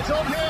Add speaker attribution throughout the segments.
Speaker 1: is okay.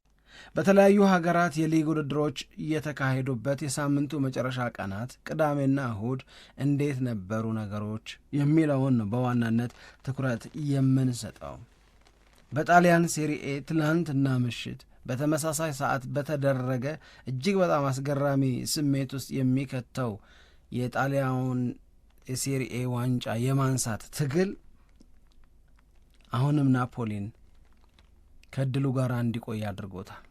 Speaker 1: በተለያዩ ሀገራት የሊግ ውድድሮች የተካሄዱበት የሳምንቱ መጨረሻ ቀናት ቅዳሜና እሁድ እንዴት ነበሩ ነገሮች የሚለውን ነው በዋናነት ትኩረት የምንሰጠው። በጣሊያን ሴሪኤ እና ምሽት በተመሳሳይ ሰዓት በተደረገ እጅግ በጣም አስገራሚ ስሜት ውስጥ የሚከተው የጣሊያን የሴሪኤ ዋንጫ የማንሳት ትግል አሁንም ናፖሊን ከእድሉ ጋር እንዲቆይ አድርጎታል።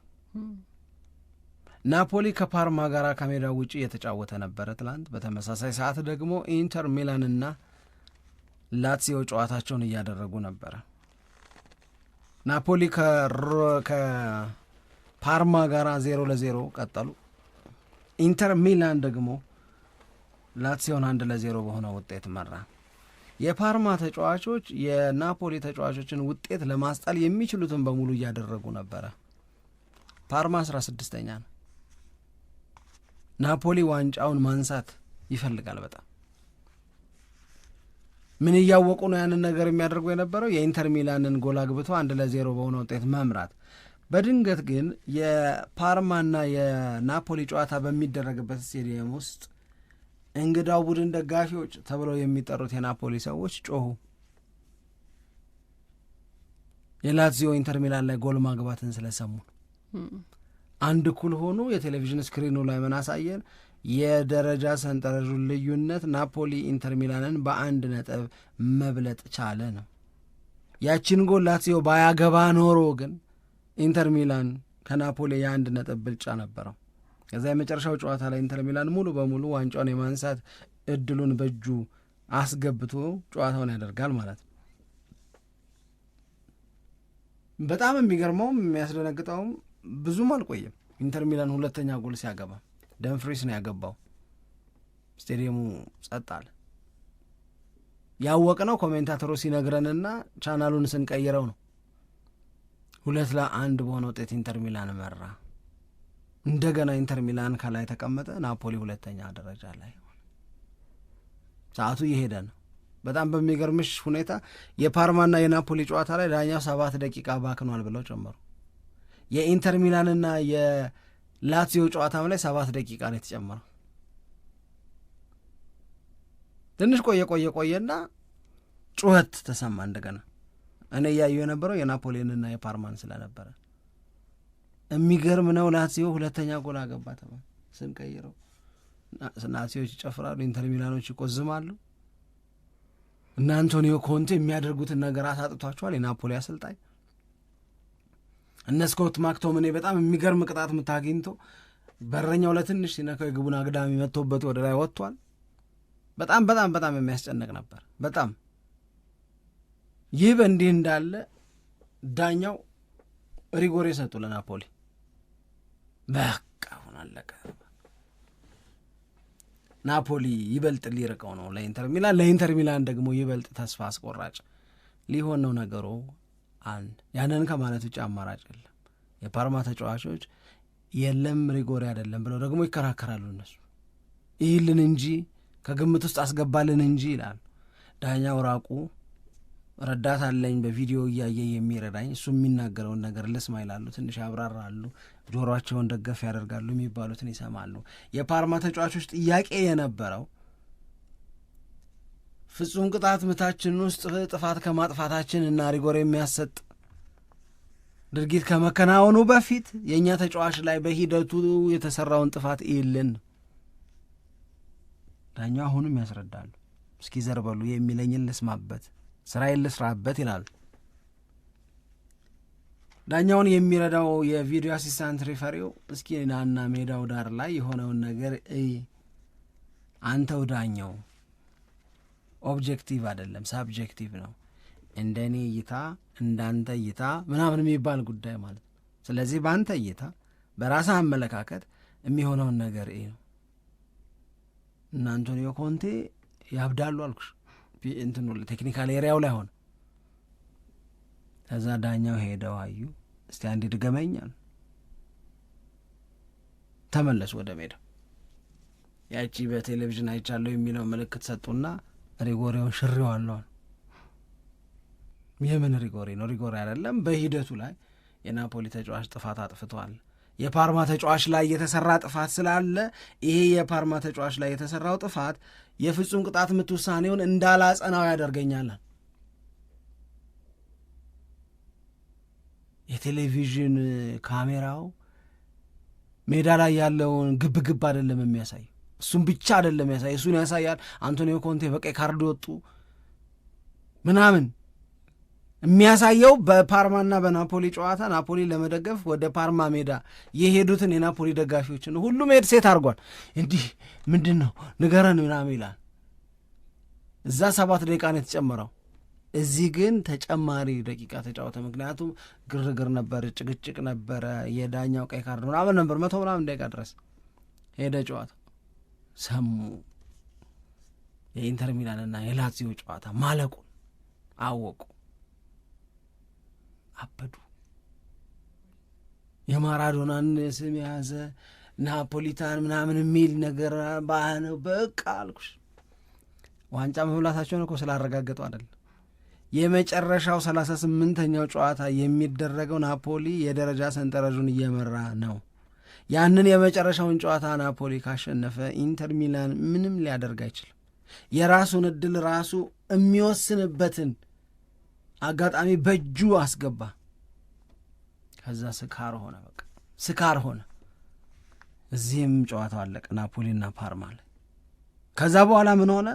Speaker 1: ናፖሊ ከፓርማ ጋር ከሜዳ ውጪ የተጫወተ ነበረ ትላንት። በተመሳሳይ ሰዓት ደግሞ ኢንተር ሚላንና ላትሲዮ ጨዋታቸውን እያደረጉ ነበረ። ናፖሊ ከፓርማ ጋር ዜሮ ለዜሮ ቀጠሉ። ኢንተር ሚላን ደግሞ ላትሲዮን አንድ ለዜሮ በሆነ ውጤት መራ። የፓርማ ተጫዋቾች የናፖሊ ተጫዋቾችን ውጤት ለማስጣል የሚችሉትን በሙሉ እያደረጉ ነበረ። ፓርማ አስራ ስድስተኛ ነው። ናፖሊ ዋንጫውን ማንሳት ይፈልጋል በጣም ምን እያወቁ ነው ያንን ነገር የሚያደርጉ የነበረው የኢንተር ሚላንን ጎል አግብቶ አንድ ለዜሮ በሆነ ውጤት መምራት። በድንገት ግን የፓርማና የናፖሊ ጨዋታ በሚደረግበት ስቴዲየም ውስጥ እንግዳው ቡድን ደጋፊዎች ተብለው የሚጠሩት የናፖሊ ሰዎች ጮሁ። የላትዚዮ ኢንተር ሚላን ላይ ጎል ማግባትን ስለሰሙ አንድ እኩል ሆኑ። የቴሌቪዥን ስክሪኑ ላይ ምን አሳየን? የደረጃ ሰንጠረዡ ልዩነት ናፖሊ ኢንተር ሚላንን በአንድ ነጥብ መብለጥ ቻለ ነው። ያቺን ጎል ላትዮ ባያገባ ኖሮ ግን ኢንተር ሚላን ከናፖሊ የአንድ ነጥብ ብልጫ ነበረው። ከዛ የመጨረሻው ጨዋታ ላይ ኢንተር ሚላን ሙሉ በሙሉ ዋንጫውን የማንሳት እድሉን በእጁ አስገብቶ ጨዋታውን ያደርጋል ማለት ነው። በጣም የሚገርመውም የሚያስደነግጠውም ብዙም አልቆየም። ኢንተር ሚላን ሁለተኛ ጎል ሲያገባ ደንፍሪስ ነው ያገባው። ስቴዲየሙ ጸጥ አለ። ያወቅነው ኮሜንታተሩ ሲነግረንና ቻናሉን ስንቀይረው ነው። ሁለት ለአንድ በሆነ ውጤት ኢንተር ሚላን መራ። እንደገና ኢንተር ሚላን ከላይ ተቀመጠ፣ ናፖሊ ሁለተኛ ደረጃ ላይ ሆነ። ሰዓቱ እየሄደ ነው። በጣም በሚገርምሽ ሁኔታ የፓርማና የናፖሊ ጨዋታ ላይ ዳኛው ሰባት ደቂቃ ባክኗል ብለው ጨመሩ። የኢንተር ሚላንና የላትዮ ጨዋታም ላይ ሰባት ደቂቃ ነው የተጨመረው። ትንሽ ቆየ ቆየ ቆየና ጩኸት ተሰማ እንደገና። እኔ እያዩ የነበረው የናፖሊንና የፓርማን ስለነበረ የሚገርም ነው። ላሲዮ ሁለተኛ ጎል አገባ ተባለ። ስንቀይረው ናሲዎች ይጨፍራሉ፣ ኢንተር ሚላኖች ይቆዝማሉ እና አንቶኒዮ ኮንቴ የሚያደርጉትን ነገር አሳጥቷቸዋል። የናፖሊ አሰልጣኝ እነ ስኮት ማክቶምኔ በጣም የሚገርም ቅጣት ምት አግኝቶ በረኛው ለትንሽ ሲነካው የግቡን አግዳሚ መጥቶበት ወደ ላይ ወጥቷል። በጣም በጣም በጣም የሚያስጨንቅ ነበር። በጣም ይህ በእንዲህ እንዳለ ዳኛው ሪጎር የሰጡ ለናፖሊ በቃ አሁን አለቀ። ናፖሊ ይበልጥ ሊርቀው ነው ለኢንተር ሚላን፣ ለኢንተር ሚላን ደግሞ ይበልጥ ተስፋ አስቆራጭ ሊሆን ነው ነገሩ። አንድ ያንን ከማለት ውጭ አማራጭ የለም። የፓርማ ተጫዋቾች የለም ሪጎሪ አይደለም ብለው ደግሞ ይከራከራሉ። እነሱ ይህልን እንጂ ከግምት ውስጥ አስገባልን እንጂ ይላሉ። ዳኛው ራቁ ረዳት አለኝ በቪዲዮ እያየ የሚረዳኝ እሱ የሚናገረውን ነገር ልስማ ይላሉ። ትንሽ አብራራሉ፣ ጆሯቸውን ደገፍ ያደርጋሉ፣ የሚባሉትን ይሰማሉ። የፓርማ ተጫዋቾች ጥያቄ የነበረው ፍጹም ቅጣት ምታችን ውስጥ ጥፋት ከማጥፋታችን እና ሪጎር የሚያሰጥ ድርጊት ከመከናወኑ በፊት የእኛ ተጫዋች ላይ በሂደቱ የተሰራውን ጥፋት ይልን ዳኛው አሁንም ያስረዳሉ። እስኪ ዘርበሉ የሚለኝን ልስማበት ስራ ልስራበት ይላል። ዳኛውን የሚረዳው የቪዲዮ አሲስታንት ሪፈሪው እስኪ ናና ሜዳው ዳር ላይ የሆነውን ነገር እይ፣ አንተው ዳኛው ኦብጀክቲቭ አይደለም ሳብጀክቲቭ ነው፣ እንደ እኔ እይታ እንዳንተ እይታ ምናምን የሚባል ጉዳይ ማለት ነው። ስለዚህ በአንተ እይታ በራስህ አመለካከት የሚሆነውን ነገር እይ ነው። እናንቶኒዮ ኮንቴ ያብዳሉ አልኩሽ። እንትኑ ቴክኒካል ኤሪያው ላይ ሆነ። ከዛ ዳኛው ሄደው አዩ። እስቲ አንድ ድገመኛል፣ ተመለሱ ወደ ሜዳው። ያቺ በቴሌቪዥን አይቻለሁ የሚለው ምልክት ሰጡና ሪጎሬውን ሽሬዋለዋል። የምን ሪጎሪ ነው? ሪጎሪ አይደለም። በሂደቱ ላይ የናፖሊ ተጫዋች ጥፋት አጥፍቷል። የፓርማ ተጫዋች ላይ የተሰራ ጥፋት ስላለ ይሄ የፓርማ ተጫዋች ላይ የተሰራው ጥፋት የፍጹም ቅጣት ምት ውሳኔውን እንዳላጸናው ያደርገኛል። የቴሌቪዥን ካሜራው ሜዳ ላይ ያለውን ግብግብ አይደለም የሚያሳይ፣ እሱን ብቻ አይደለም ያሳይ፣ እሱን ያሳያል። አንቶኒዮ ኮንቴ በቀይ ካርድ ወጡ ምናምን የሚያሳየው በፓርማና በናፖሊ ጨዋታ ናፖሊ ለመደገፍ ወደ ፓርማ ሜዳ የሄዱትን የናፖሊ ደጋፊዎችን ሁሉም ሄድ ሴት አድርጓል። እንዲህ ምንድን ነው ንገረን ምናምን ይላል። እዛ ሰባት ደቂቃ ነው የተጨመረው፣ እዚህ ግን ተጨማሪ ደቂቃ ተጫወተ። ምክንያቱም ግርግር ነበር፣ ጭቅጭቅ ነበረ፣ የዳኛው ቀይ ካርድ ምናምን ነበር። መቶ ምናምን ደቂቃ ድረስ ሄደ ጨዋታ። ሰሙ የኢንተር ሚላንና የላዚዮ ጨዋታ ማለቁን አወቁ። አበዱ። የማራዶናን ስም የያዘ ናፖሊታን ምናምን የሚል ነገር ባህነ በቃ አልኩሽ። ዋንጫ መብላታቸውን እኮ ስላረጋገጡ አይደለም። የመጨረሻው ሰላሳ ስምንተኛው ጨዋታ የሚደረገው ናፖሊ የደረጃ ሰንጠረዡን እየመራ ነው። ያንን የመጨረሻውን ጨዋታ ናፖሊ ካሸነፈ ኢንተር ሚላን ምንም ሊያደርግ አይችልም። የራሱን እድል ራሱ የሚወስንበትን አጋጣሚ በእጁ አስገባ። ከዛ ስካር ሆነ፣ በቃ ስካር ሆነ። እዚህም ጨዋታው አለቀ፣ ናፖሊና ፓርማ ላይ። ከዛ በኋላ ምን ሆነ?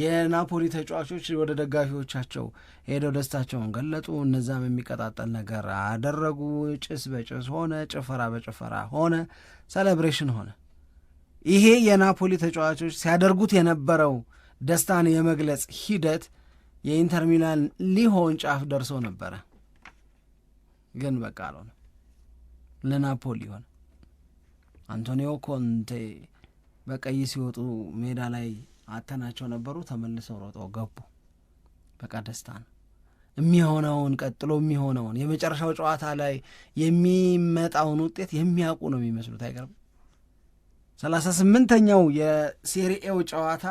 Speaker 1: የናፖሊ ተጫዋቾች ወደ ደጋፊዎቻቸው ሄደው ደስታቸውን ገለጡ። እነዛም የሚቀጣጠል ነገር አደረጉ። ጭስ በጭስ ሆነ፣ ጭፈራ በጭፈራ ሆነ፣ ሰለብሬሽን ሆነ። ይሄ የናፖሊ ተጫዋቾች ሲያደርጉት የነበረው ደስታን የመግለጽ ሂደት የኢንተር ሚላን ሊሆን ጫፍ ደርሶ ነበረ፣ ግን በቃ አልሆነ። ለናፖሊ ሆነ። አንቶኒዮ ኮንቴ በቀይ ሲወጡ ሜዳ ላይ አተናቸው ነበሩ። ተመልሰው ሮጠው ገቡ። በቃ ደስታ ነው። የሚሆነውን ቀጥሎ የሚሆነውን የመጨረሻው ጨዋታ ላይ የሚመጣውን ውጤት የሚያውቁ ነው የሚመስሉት። አይገርም? ሰላሳ ስምንተኛው የሴሪኤው ጨዋታ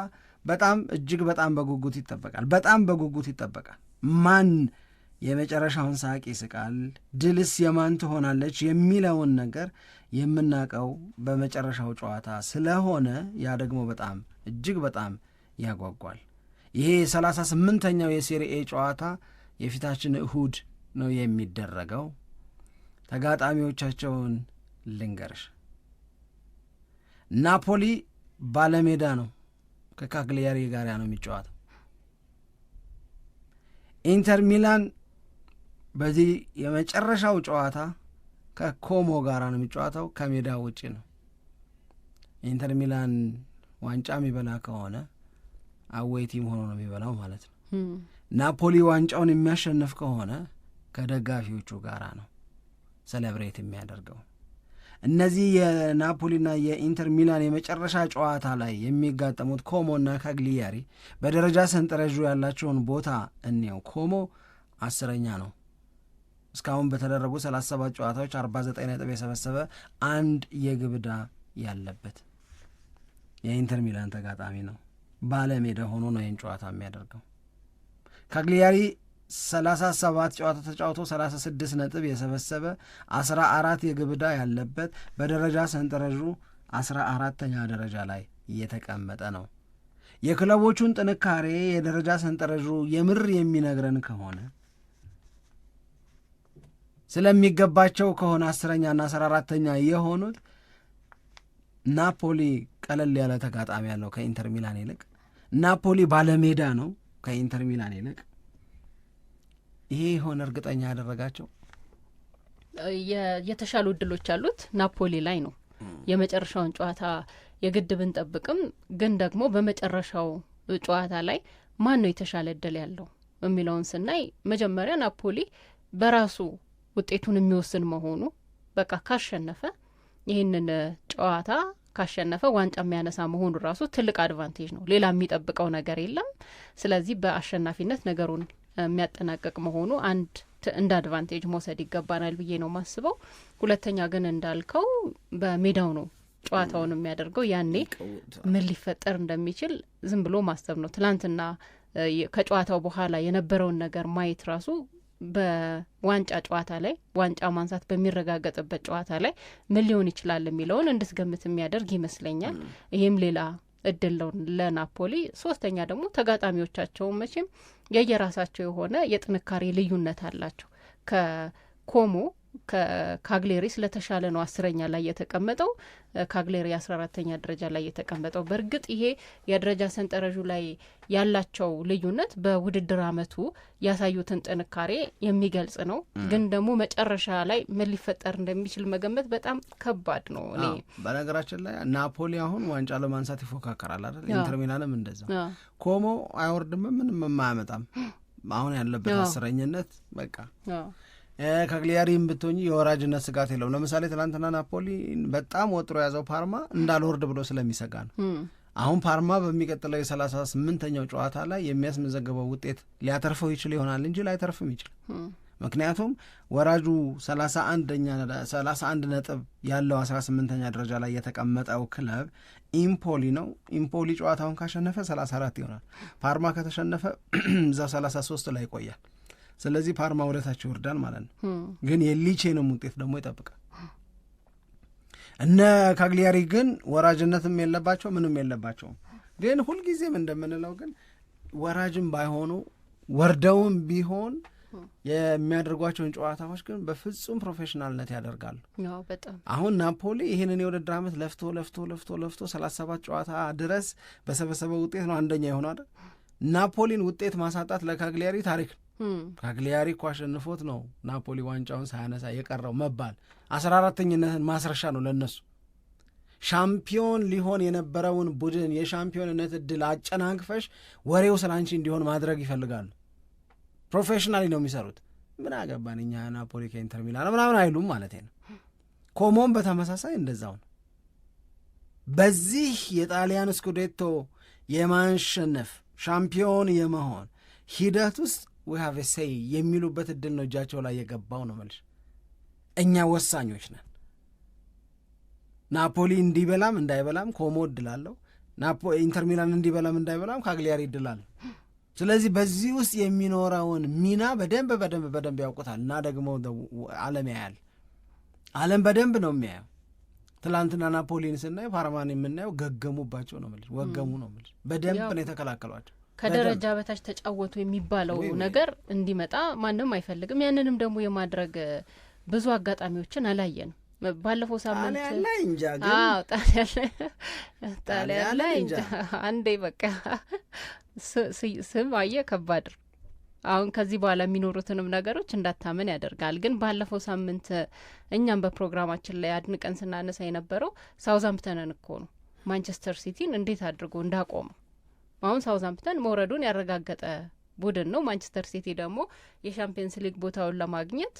Speaker 1: በጣም እጅግ በጣም በጉጉት ይጠበቃል። በጣም በጉጉት ይጠበቃል። ማን የመጨረሻውን ሳቅ ይስቃል፣ ድልስ የማን ትሆናለች የሚለውን ነገር የምናውቀው በመጨረሻው ጨዋታ ስለሆነ ያ ደግሞ በጣም እጅግ በጣም ያጓጓል። ይሄ የሰላሳ ስምንተኛው የሴሪኤ ጨዋታ የፊታችን እሁድ ነው የሚደረገው። ተጋጣሚዎቻቸውን ልንገርሽ። ናፖሊ ባለሜዳ ነው። ከካግሊያሪ ጋር ነው የሚጫወተው። ኢንተር ሚላን በዚህ የመጨረሻው ጨዋታ ከኮሞ ጋር ነው የሚጫወተው፣ ከሜዳ ውጪ ነው። ኢንተር ሚላን ዋንጫ የሚበላ ከሆነ አዌይ ቲም ሆኖ ነው የሚበላው ማለት ነው። ናፖሊ ዋንጫውን የሚያሸንፍ ከሆነ ከደጋፊዎቹ ጋር ነው ሰለብሬት የሚያደርገው። እነዚህ የናፖሊና የኢንተር ሚላን የመጨረሻ ጨዋታ ላይ የሚጋጠሙት ኮሞና ካግሊያሪ በደረጃ ሰንጠረዡ ያላቸውን ቦታ እንየው። ኮሞ አስረኛ ነው። እስካሁን በተደረጉ 37 ጨዋታዎች 49 ነጥብ የሰበሰበ አንድ የግብዳ ያለበት የኢንተር ሚላን ተጋጣሚ ነው። ባለሜዳ ሆኖ ነው ይህን ጨዋታ የሚያደርገው ካግሊያሪ ሰላሳ ሰባት ጨዋታ ተጫውቶ ሰላሳ ስድስት ነጥብ የሰበሰበ አስራ አራት የግብዳ ያለበት በደረጃ ሰንጠረዡ አስራ አራተኛ ደረጃ ላይ እየተቀመጠ ነው። የክለቦቹን ጥንካሬ የደረጃ ሰንጠረዡ የምር የሚነግረን ከሆነ ስለሚገባቸው ከሆነ አስረኛና አስራ አራተኛ የሆኑት ናፖሊ ቀለል ያለ ተጋጣሚ ያለው ከኢንተር ሚላን ይልቅ ናፖሊ ባለሜዳ ነው ከኢንተር ሚላን ይልቅ ይሄ የሆነ እርግጠኛ ያደረጋቸው
Speaker 2: የተሻሉ እድሎች አሉት። ናፖሊ ላይ ነው የመጨረሻውን ጨዋታ የግድ ብንጠብቅም፣ ግን ደግሞ በመጨረሻው ጨዋታ ላይ ማን ነው የተሻለ እድል ያለው የሚለውን ስናይ መጀመሪያ ናፖሊ በራሱ ውጤቱን የሚወስን መሆኑ በቃ ካሸነፈ ይህንን ጨዋታ ካሸነፈ ዋንጫ የሚያነሳ መሆኑ ራሱ ትልቅ አድቫንቴጅ ነው። ሌላ የሚጠብቀው ነገር የለም። ስለዚህ በአሸናፊነት ነገሩን የሚያጠናቀቅ መሆኑ አንድ እንደ አድቫንቴጅ መውሰድ ይገባናል ብዬ ነው ማስበው። ሁለተኛ ግን እንዳልከው በሜዳው ነው ጨዋታውን የሚያደርገው። ያኔ ምን ሊፈጠር እንደሚችል ዝም ብሎ ማሰብ ነው። ትላንትና ከጨዋታው በኋላ የነበረውን ነገር ማየት ራሱ በዋንጫ ጨዋታ ላይ ዋንጫ ማንሳት በሚረጋገጥበት ጨዋታ ላይ ምን ሊሆን ይችላል የሚለውን እንድትገምት የሚያደርግ ይመስለኛል። ይህም ሌላ እድል ነው ለናፖሊ። ሶስተኛ ደግሞ ተጋጣሚዎቻቸውን መቼም የየራሳቸው የሆነ የጥንካሬ ልዩነት አላቸው። ከኮሞ ከካግሌሪ ስለተሻለ ነው አስረኛ ላይ የተቀመጠው። ካግሌሪ አስራ አራተኛ ደረጃ ላይ የተቀመጠው። በእርግጥ ይሄ የደረጃ ሰንጠረዡ ላይ ያላቸው ልዩነት በውድድር አመቱ ያሳዩትን ጥንካሬ የሚገልጽ ነው። ግን ደግሞ መጨረሻ ላይ ምን ሊፈጠር እንደሚችል መገመት በጣም ከባድ ነው። እኔ
Speaker 1: በነገራችን ላይ ናፖሊ አሁን ዋንጫ ለማንሳት ይፎካከራል አይደል? ኢንተር ሚላንም እንደዛ። ኮሞ አይወርድም፣ ምንም የማያመጣም አሁን ያለበት አስረኝነት በቃ ከግሊያሪም ብትሆኝ የወራጅነት ስጋት የለውም። ለምሳሌ ትናንትና ናፖሊን በጣም ወጥሮ የያዘው ፓርማ እንዳልወርድ ብሎ ስለሚሰጋ ነው። አሁን ፓርማ በሚቀጥለው የሰላሳ ስምንተኛው ጨዋታ ላይ የሚያስመዘግበው ውጤት ሊያተርፈው ይችል ይሆናል እንጂ ላይተርፍም ይችል። ምክንያቱም ወራጁ ሰላሳ አንደኛ ሰላሳ አንድ ነጥብ ያለው አስራ ስምንተኛ ደረጃ ላይ የተቀመጠው ክለብ ኢምፖሊ ነው። ኢምፖሊ ጨዋታውን ካሸነፈ ሰላሳ አራት ይሆናል። ፓርማ ከተሸነፈ እዛው ሰላሳ ሶስት ላይ ይቆያል። ስለዚህ ፓርማ ውለታቸው ይወርዳል ማለት ነው። ግን የሊቼንም ውጤት ደግሞ ይጠብቃል። እነ ካግሊያሪ ግን ወራጅነትም የለባቸው ምንም የለባቸውም። ግን ሁልጊዜም እንደምንለው ግን ወራጅም ባይሆኑ ወርደውም ቢሆን የሚያደርጓቸውን ጨዋታዎች ግን በፍጹም ፕሮፌሽናልነት ያደርጋሉ። አሁን ናፖሊ ይህንን የውድድር ዓመት ለፍቶ ለፍቶ ለፍቶ ለፍቶ ሰላሳ ሰባት ጨዋታ ድረስ በሰበሰበ ውጤት ነው አንደኛ የሆነ አይደል። ናፖሊን ውጤት ማሳጣት ለካግሊያሪ ታሪክ ነው። ካግሊያሪ እኮ አሸንፎት ነው ናፖሊ ዋንጫውን ሳያነሳ የቀረው መባል አስራ አራተኝነትን ማስረሻ ነው ለነሱ። ሻምፒዮን ሊሆን የነበረውን ቡድን የሻምፒዮንነት እድል አጨናቅፈሽ ወሬው ስለ አንቺ እንዲሆን ማድረግ ይፈልጋሉ። ፕሮፌሽናሊ ነው የሚሰሩት። ምን አገባን እኛ ናፖሊ ከኢንተር ሚላን ምናምን አይሉም ማለት ነው። ኮሞን በተመሳሳይ እንደዛው ነው። በዚህ የጣሊያን ስኩዴቶ የማንሸነፍ ሻምፒዮን የመሆን ሂደት ውስጥ ውሃ ሰይ የሚሉበት እድል ነው እጃቸው ላይ የገባው ነው መልሽ። እኛ ወሳኞች ነን። ናፖሊ እንዲበላም እንዳይበላም ኮሞ እድላለሁ። ኢንተርሚላን ኢንተር ሚላን እንዲበላም እንዳይበላም ካግሊያሪ እድል ስለዚህ በዚህ ውስጥ የሚኖረውን ሚና በደንብ በደንብ በደንብ ያውቁታል። እና ደግሞ ዓለም ያያል። ዓለም በደንብ ነው የሚያየው። ትላንትና ናፖሊን ስናየው ፓርማን የምናየው ገገሙባቸው ነው የምልሽ፣ ወገሙ ነው የምልሽ። በደንብ ነው የተከላከሏቸው።
Speaker 2: ከደረጃ በታች ተጫወቱ የሚባለው ነገር እንዲመጣ ማንም አይፈልግም። ያንንም ደግሞ የማድረግ ብዙ አጋጣሚዎችን አላየንም። ባለፈው ሳምንት ጣሊያን ላይ እንጃ አንዴ በቃ ስም አየ ከባድ አሁን ከዚህ በኋላ የሚኖሩትንም ነገሮች እንዳታመን ያደርጋል። ግን ባለፈው ሳምንት እኛም በፕሮግራማችን ላይ አድንቀን ስናነሳ የነበረው ሳውዛምፕተንን እኮ ነው ማንቸስተር ሲቲን እንዴት አድርጎ እንዳቆመው አሁን ሳውዛምፕተን መውረዱን ያረጋገጠ ቡድን ነው። ማንቸስተር ሲቲ ደግሞ የሻምፒየንስ ሊግ ቦታውን ለማግኘት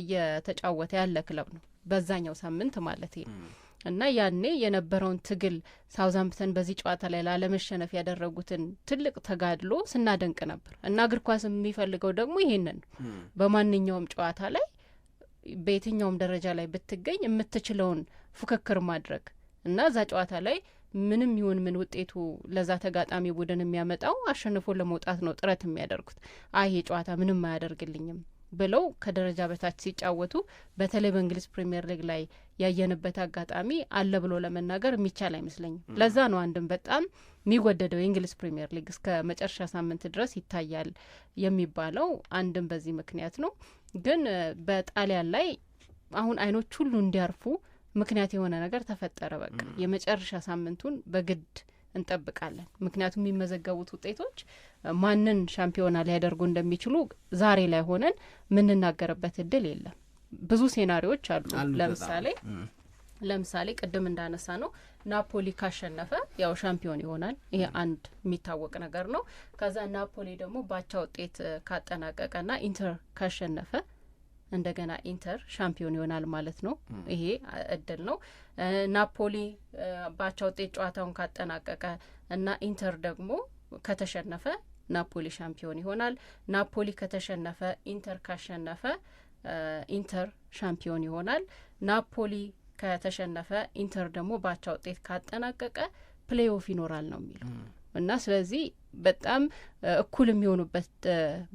Speaker 2: እየተጫወተ ያለ ክለብ ነው፣ በዛኛው ሳምንት ማለት ነው። እና ያኔ የነበረውን ትግል ሳውዛምፕተን በዚህ ጨዋታ ላይ ላለመሸነፍ ያደረጉትን ትልቅ ተጋድሎ ስናደንቅ ነበር። እና እግር ኳስ የሚፈልገው ደግሞ ይሄንን ነው። በማንኛውም ጨዋታ ላይ በየትኛውም ደረጃ ላይ ብትገኝ የምትችለውን ፉክክር ማድረግ እና እዛ ጨዋታ ላይ ምንም ይሁን ምን ውጤቱ ለዛ ተጋጣሚ ቡድን የሚያመጣው አሸንፎ ለመውጣት ነው ጥረት የሚያደርጉት። አይ የጨዋታ ምንም አያደርግልኝም ብለው ከደረጃ በታች ሲጫወቱ በተለይ በእንግሊዝ ፕሪምየር ሊግ ላይ ያየንበት አጋጣሚ አለ ብሎ ለመናገር የሚቻል አይመስለኝም። ለዛ ነው አንድም በጣም የሚወደደው የእንግሊዝ ፕሪምየር ሊግ እስከ መጨረሻ ሳምንት ድረስ ይታያል የሚባለው አንድም በዚህ ምክንያት ነው። ግን በጣሊያን ላይ አሁን አይኖች ሁሉ እንዲያርፉ ምክንያት የሆነ ነገር ተፈጠረ። በቃ የመጨረሻ ሳምንቱን በግድ እንጠብቃለን። ምክንያቱም የሚመዘገቡት ውጤቶች ማንን ሻምፒዮና ሊያደርጉ እንደሚችሉ ዛሬ ላይ ሆነን የምንናገርበት እድል የለም። ብዙ ሴናሪዎች አሉ። ለምሳሌ ለምሳሌ ቅድም እንዳነሳ ነው ናፖሊ ካሸነፈ ያው ሻምፒዮን ይሆናል። ይሄ አንድ የሚታወቅ ነገር ነው። ከዛ ናፖሊ ደግሞ ባቻ ውጤት ካጠናቀቀና ኢንተር ካሸነፈ እንደገና ኢንተር ሻምፒዮን ይሆናል ማለት ነው። ይሄ እድል ነው። ናፖሊ ባቻ ውጤት ጨዋታውን ካጠናቀቀ እና ኢንተር ደግሞ ከተሸነፈ ናፖሊ ሻምፒዮን ይሆናል። ናፖሊ ከተሸነፈ ኢንተር ካሸነፈ ኢንተር ሻምፒዮን ይሆናል። ናፖሊ ከተሸነፈ ኢንተር ደግሞ ባቻ ውጤት ካጠናቀቀ ፕሌይኦፍ ይኖራል ነው የሚለው እና ስለዚህ በጣም እኩል የሚሆኑበት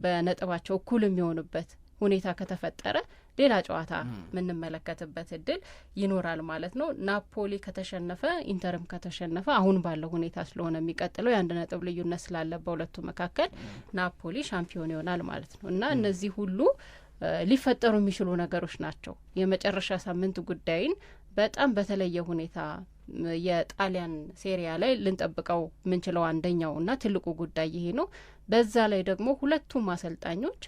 Speaker 2: በነጥባቸው እኩል የሚሆኑበት ሁኔታ ከተፈጠረ ሌላ ጨዋታ የምንመለከትበት እድል ይኖራል ማለት ነው። ናፖሊ ከተሸነፈ፣ ኢንተርም ከተሸነፈ አሁን ባለው ሁኔታ ስለሆነ የሚቀጥለው የአንድ ነጥብ ልዩነት ስላለ በሁለቱ መካከል ናፖሊ ሻምፒዮን ይሆናል ማለት ነው እና እነዚህ ሁሉ ሊፈጠሩ የሚችሉ ነገሮች ናቸው። የመጨረሻ ሳምንት ጉዳይን በጣም በተለየ ሁኔታ የጣሊያን ሴሪያ ላይ ልንጠብቀው የምንችለው አንደኛው እና ትልቁ ጉዳይ ይሄ ነው። በዛ ላይ ደግሞ ሁለቱም አሰልጣኞች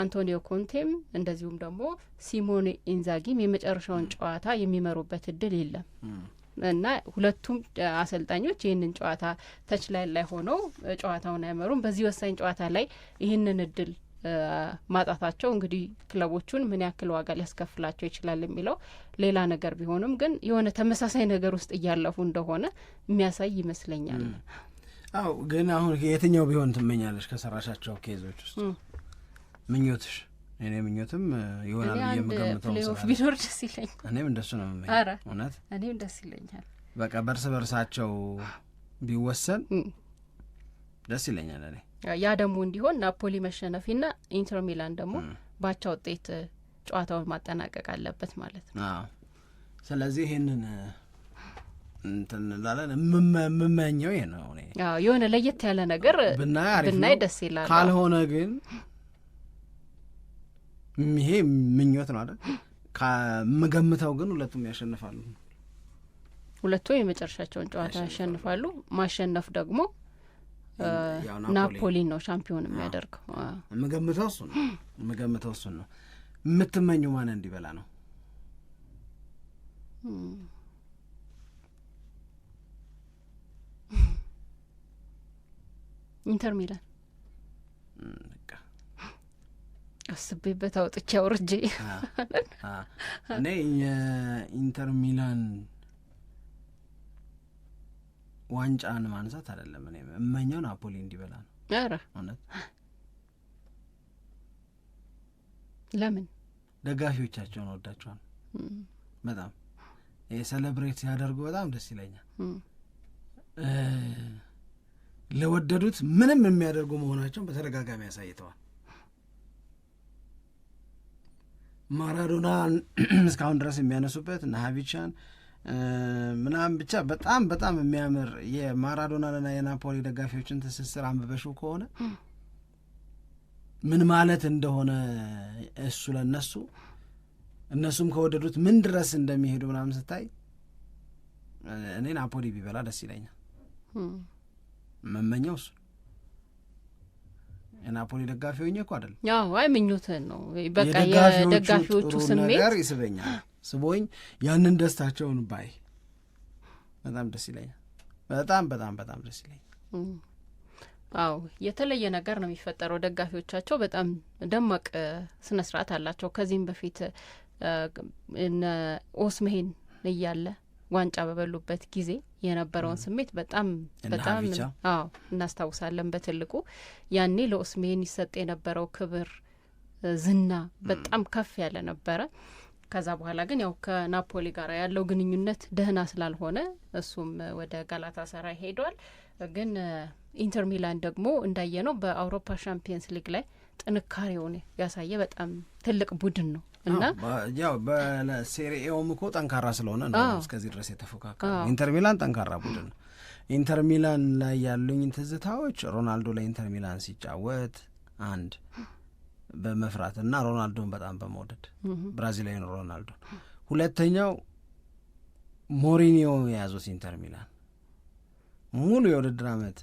Speaker 2: አንቶኒዮ ኮንቴም እንደዚሁም ደግሞ ሲሞኔ ኢንዛጊም የመጨረሻውን ጨዋታ የሚመሩበት እድል የለም እና ሁለቱም አሰልጣኞች ይህንን ጨዋታ ተችላይ ላይ ላይ ሆነው ጨዋታውን አይመሩም። በዚህ ወሳኝ ጨዋታ ላይ ይህንን እድል ማጣታቸው እንግዲህ ክለቦቹን ምን ያክል ዋጋ ሊያስከፍላቸው ይችላል የሚለው ሌላ ነገር ቢሆንም ግን የሆነ ተመሳሳይ ነገር ውስጥ እያለፉ እንደሆነ የሚያሳይ ይመስለኛል።
Speaker 1: አው ግን አሁን የትኛው ቢሆን ትመኛለሽ ከሰራሻቸው ኬዞች ውስጥ ምኞትሽ? እኔ ምኞትም ይሆናል
Speaker 2: የምገምተው ቢኖር ደስ ይለኛል።
Speaker 1: እኔም እንደሱ ነው የምመኝ። እውነት
Speaker 2: እኔም ደስ ይለኛል።
Speaker 1: በቃ በእርስ በርሳቸው ቢወሰን ደስ ይለኛል። እኔ
Speaker 2: ያ ደግሞ እንዲሆን ናፖሊ መሸነፊና ኢንተር ሚላን ደግሞ ባቻ ውጤት ጨዋታውን ማጠናቀቅ አለበት ማለት ነው።
Speaker 1: ስለዚህ ይህንን እንትን እንላለን። የምመኘው ነው።
Speaker 2: የሆነ ለየት ያለ ነገር
Speaker 1: ብናይ ደስ ይላል። ካልሆነ ግን ይሄ ምኞት ነው አይደል? ከምገምተው ግን ሁለቱም ያሸንፋሉ።
Speaker 2: ሁለቱ የመጨረሻቸውን ጨዋታ ያሸንፋሉ። ማሸነፍ ደግሞ ናፖሊን ነው ሻምፒዮን የሚያደርገው።
Speaker 1: የምገምተው እሱ ነው። የምገምተው እሱ ነው። የምትመኙ ማን እንዲበላ ነው?
Speaker 2: ኢንተር ሚላን አስቤበት አውጥቼ አውርጄ
Speaker 1: እኔ የኢንተር ሚላን ዋንጫን ማንሳት አይደለም እኔ እመኛው ናፖሊ እንዲበላ ነው። ኧረ እውነት ለምን ደጋፊዎቻቸውን ወዳቸዋል በጣም ይሄ ሲያደርጉ በጣም ደስ ይለኛል። ለወደዱት ምንም የሚያደርጉ መሆናቸውን በተደጋጋሚ አሳይተዋል። ማራዶና እስካሁን ድረስ የሚያነሱበት ናሃቪቻን ምናምን ብቻ በጣም በጣም የሚያምር የማራዶናና የናፖሊ ደጋፊዎችን ትስስር አንብበሽው ከሆነ ምን ማለት እንደሆነ እሱ ለነሱ እነሱም ከወደዱት ምን ድረስ እንደሚሄዱ ምናምን ስታይ እኔ ናፖሊ ቢበላ ደስ ይለኛል። መመኛው እሱ የናፖሊ ደጋፊ ሆኜ እኮ አይደለም።
Speaker 2: አይ ምኞትህን ነው በቃ የደጋፊዎቹ ስሜት
Speaker 1: ይስበኛል፣ ስቦኝ ያንን ደስታቸውን ባይ በጣም ደስ ይለኛል። በጣም በጣም በጣም ደስ ይለኛል።
Speaker 2: አዎ የተለየ ነገር ነው የሚፈጠረው። ደጋፊዎቻቸው በጣም ደማቅ ስነ ስርዓት አላቸው። ከዚህም በፊት እነ መሄን እያለ ዋንጫ በበሉበት ጊዜ የነበረውን ስሜት በጣም በጣም አዎ እናስታውሳለን በትልቁ ያኔ ለኦስሜን ይሰጥ የነበረው ክብር ዝና በጣም ከፍ ያለ ነበረ። ከዛ በኋላ ግን ያው ከናፖሊ ጋር ያለው ግንኙነት ደህና ስላልሆነ እሱም ወደ ጋላታ ሰራይ ሄዷል። ግን ኢንተር ሚላን ደግሞ እንዳየ ነው በአውሮፓ ሻምፒየንስ ሊግ ላይ ጥንካሬውን ያሳየ በጣም ትልቅ ቡድን ነው።
Speaker 1: እና ያው በሴሪኤውም እኮ ጠንካራ ስለሆነ ነው እስከዚህ ድረስ የተፎካከረ ኢንተር ሚላን ጠንካራ ቡድን ነው። ኢንተር ሚላን ላይ ያሉኝ ትዝታዎች ሮናልዶ ለኢንተር ሚላን ሲጫወት አንድ በመፍራት እና ሮናልዶን በጣም በመውደድ ብራዚላዊን ሮናልዶ፣ ሁለተኛው ሞሪኒዮ የያዙት ኢንተር ሚላን ሙሉ የውድድር ዓመት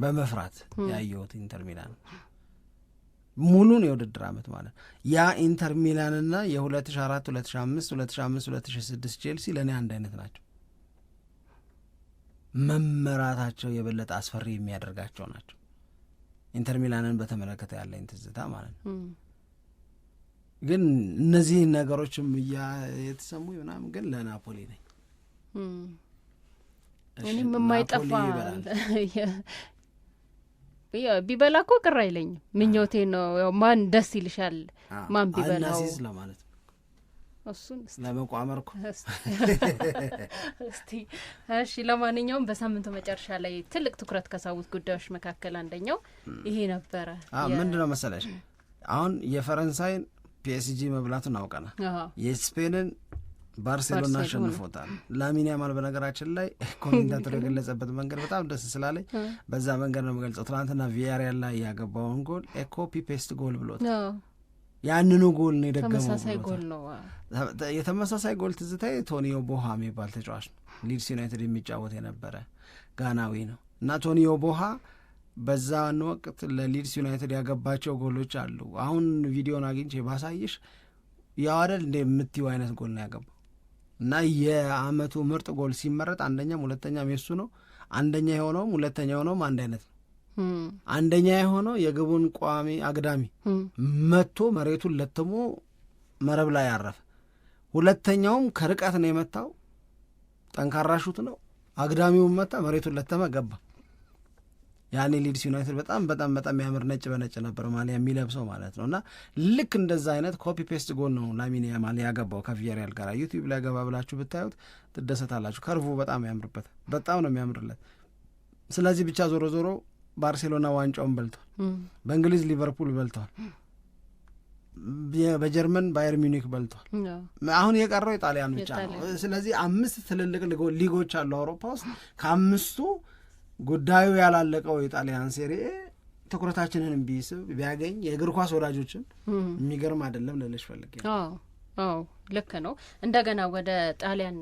Speaker 1: በመፍራት ያየሁት ኢንተር ሚላን ሙሉን የውድድር ዓመት ማለት ነው። ያ ኢንተር ሚላንና የ2004 2005 2005 2006 ቼልሲ ለእኔ አንድ አይነት ናቸው። መመራታቸው የበለጠ አስፈሪ የሚያደርጋቸው ናቸው። ኢንተር ሚላንን በተመለከተ ያለኝ ትዝታ ማለት ነው። ግን እነዚህ ነገሮችም እያ የተሰሙ ይሆናም ግን ለናፖሊ ነኝ
Speaker 2: እኔም የማይጠፋ ቢበላ እኮ ቅር አይለኝም። ምኞቴ ነው። ያው ማን ደስ ይልሻል? ማን ቢበላው ለማለት እሱን
Speaker 1: ለመቋመር እኮ
Speaker 2: እስቲ እሺ። ለማንኛውም በሳምንቱ መጨረሻ ላይ ትልቅ ትኩረት ከሳቡት ጉዳዮች መካከል አንደኛው ይሄ ነበረ።
Speaker 1: ምንድን ነው መሰለሽ አሁን የፈረንሳይን ፒኤስጂ መብላቱን አውቀናል። የስፔንን ባርሴሎና አሸንፎታል። ላሚን ያማል በነገራችን ላይ ኮሜንታተሩ የገለጸበት መንገድ በጣም ደስ ስላለኝ በዛ መንገድ ነው የምገልጸው። ትናንትና ቪያሪያል ላይ ያገባውን ጎል ኤኮፒ ፔስት ጎል ብሎት ያንኑ ጎል ነው የደገመው። የተመሳሳይ ጎል ትዝታ ቶኒዮ ቦሃ የሚባል ተጫዋች ነው፣ ሊድስ ዩናይትድ የሚጫወት የነበረ ጋናዊ ነው እና ቶኒዮ ቦሃ በዛን ወቅት ለሊድስ ዩናይትድ ያገባቸው ጎሎች አሉ። አሁን ቪዲዮን አግኝቼ ባሳይሽ ያው አይደል እንደ የምትይው አይነት ጎል ነው ያገባው እና የአመቱ ምርጥ ጎል ሲመረጥ አንደኛም ሁለተኛም የሱ ነው። አንደኛ የሆነውም ሁለተኛ የሆነውም አንድ አይነት ነው። አንደኛ የሆነው የግቡን ቋሚ አግዳሚ መቶ መሬቱን ለትሞ መረብ ላይ ያረፈ፣ ሁለተኛውም ከርቀት ነው የመታው ጠንካራ ሹት ነው። አግዳሚውን መታ፣ መሬቱን ለተመ፣ ገባ። ያኔ ሊድስ ዩናይትድ በጣም በጣም በጣም የሚያምር ነጭ በነጭ ነበር ማሊያ የሚለብሰው ማለት ነው። እና ልክ እንደዛ አይነት ኮፒ ፔስት ጎን ነው ላሚን ያማል ያገባው ከቪያሪያል ጋር። ዩቲዩብ ላይ ገባ ብላችሁ ብታዩት ትደሰታላችሁ። ከርቡ በጣም ያምርበት፣ በጣም ነው የሚያምርለት። ስለዚህ ብቻ ዞሮ ዞሮ ባርሴሎና ዋንጫውን በልቷል። በእንግሊዝ ሊቨርፑል በልተዋል። በጀርመን ባየር ሚኒክ በልቷል። አሁን የቀረው የጣሊያን ብቻ ነው። ስለዚህ አምስት ትልልቅ ሊጎች አሉ አውሮፓ ውስጥ ከአምስቱ ጉዳዩ ያላለቀው የጣሊያን ሴሬ ትኩረታችንን ቢስብ ቢያገኝ የእግር ኳስ ወዳጆችን የሚገርም አይደለም ልልሽ ፈልጌ።
Speaker 2: አዎ ልክ ነው። እንደገና ወደ ጣሊያን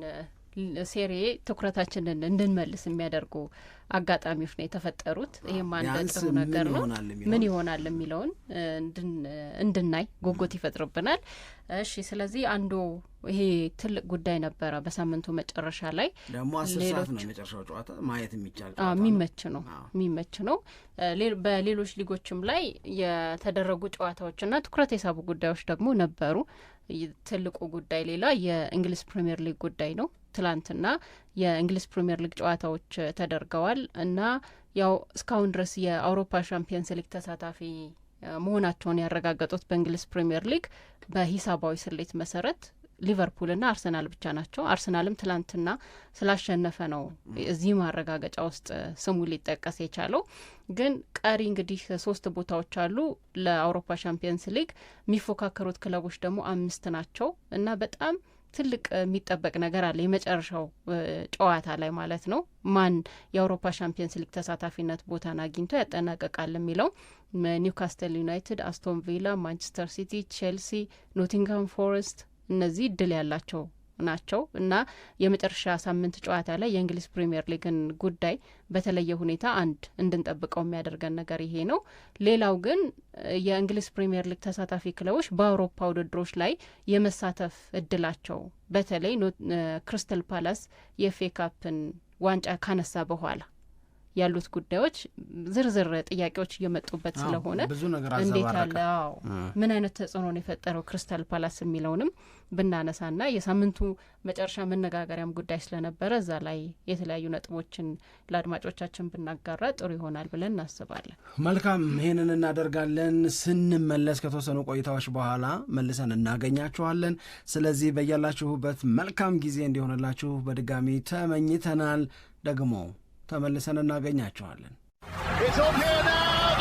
Speaker 2: ሴሬ ትኩረታችንን እንድንመልስ የሚያደርጉ አጋጣሚዎች ነው የተፈጠሩት። ይህም አንድ ጥሩ ነገር ነው። ምን ይሆናል የሚለውን እንድናይ ጉጉት ይፈጥርብናል። እሺ፣ ስለዚህ አንዱ ይሄ ትልቅ ጉዳይ ነበረ። በሳምንቱ መጨረሻ ላይ
Speaker 1: ደግሞ አስር ሰዓት ነው የመጨረሻው ጨዋታ። ማየት የሚቻል
Speaker 2: የሚመች ነው የሚመች ነው። በሌሎች ሊጎችም ላይ የተደረጉ ጨዋታዎችና ትኩረት የሳቡ ጉዳዮች ደግሞ ነበሩ። ትልቁ ጉዳይ ሌላ የእንግሊዝ ፕሪምየር ሊግ ጉዳይ ነው። ትላንትና የእንግሊዝ ፕሪምየር ሊግ ጨዋታዎች ተደርገዋል እና ያው እስካሁን ድረስ የአውሮፓ ሻምፒየንስ ሊግ ተሳታፊ መሆናቸውን ያረጋገጡት በእንግሊዝ ፕሪምየር ሊግ በሂሳባዊ ስሌት መሰረት ሊቨርፑልና አርሰናል ብቻ ናቸው። አርሰናልም ትላንትና ስላሸነፈ ነው እዚህ ማረጋገጫ ውስጥ ስሙ ሊጠቀስ የቻለው። ግን ቀሪ እንግዲህ ሶስት ቦታዎች አሉ ለአውሮፓ ሻምፒየንስ ሊግ የሚፎካከሩት ክለቦች ደግሞ አምስት ናቸው እና በጣም ትልቅ የሚጠበቅ ነገር አለ። የመጨረሻው ጨዋታ ላይ ማለት ነው። ማን የአውሮፓ ሻምፒየንስ ሊግ ተሳታፊነት ቦታን አግኝቶ ያጠናቀቃል የሚለው ኒውካስተል ዩናይትድ፣ አስቶን ቪላ፣ ማንቸስተር ሲቲ፣ ቼልሲ፣ ኖቲንግሃም ፎረስት እነዚህ እድል ያላቸው ናቸው እና የመጨረሻ ሳምንት ጨዋታ ላይ የእንግሊዝ ፕሪምየር ሊግን ጉዳይ በተለየ ሁኔታ አንድ እንድንጠብቀው የሚያደርገን ነገር ይሄ ነው። ሌላው ግን የእንግሊዝ ፕሪምየር ሊግ ተሳታፊ ክለቦች በአውሮፓ ውድድሮች ላይ የመሳተፍ እድላቸው በተለይ ክሪስታል ፓላስ የኤፍኤ ካፕን ዋንጫ ካነሳ በኋላ ያሉት ጉዳዮች ዝርዝር ጥያቄዎች እየመጡበት ስለሆነ እንዴት አለ ምን አይነት ተጽዕኖ ነው የፈጠረው ክሪስታል ፓላስ የሚለውንም ብናነሳ ና የሳምንቱ መጨረሻ መነጋገሪያም ጉዳይ ስለነበረ እዛ ላይ የተለያዩ ነጥቦችን ለአድማጮቻችን ብናጋራ ጥሩ ይሆናል ብለን እናስባለን።
Speaker 1: መልካም ይህንን እናደርጋለን። ስንመለስ ከተወሰኑ ቆይታዎች በኋላ መልሰን እናገኛችኋለን። ስለዚህ በያላችሁበት መልካም ጊዜ እንዲሆንላችሁ በድጋሚ ተመኝተናል። ደግሞ ተመልሰን እናገኛቸዋለን። 2010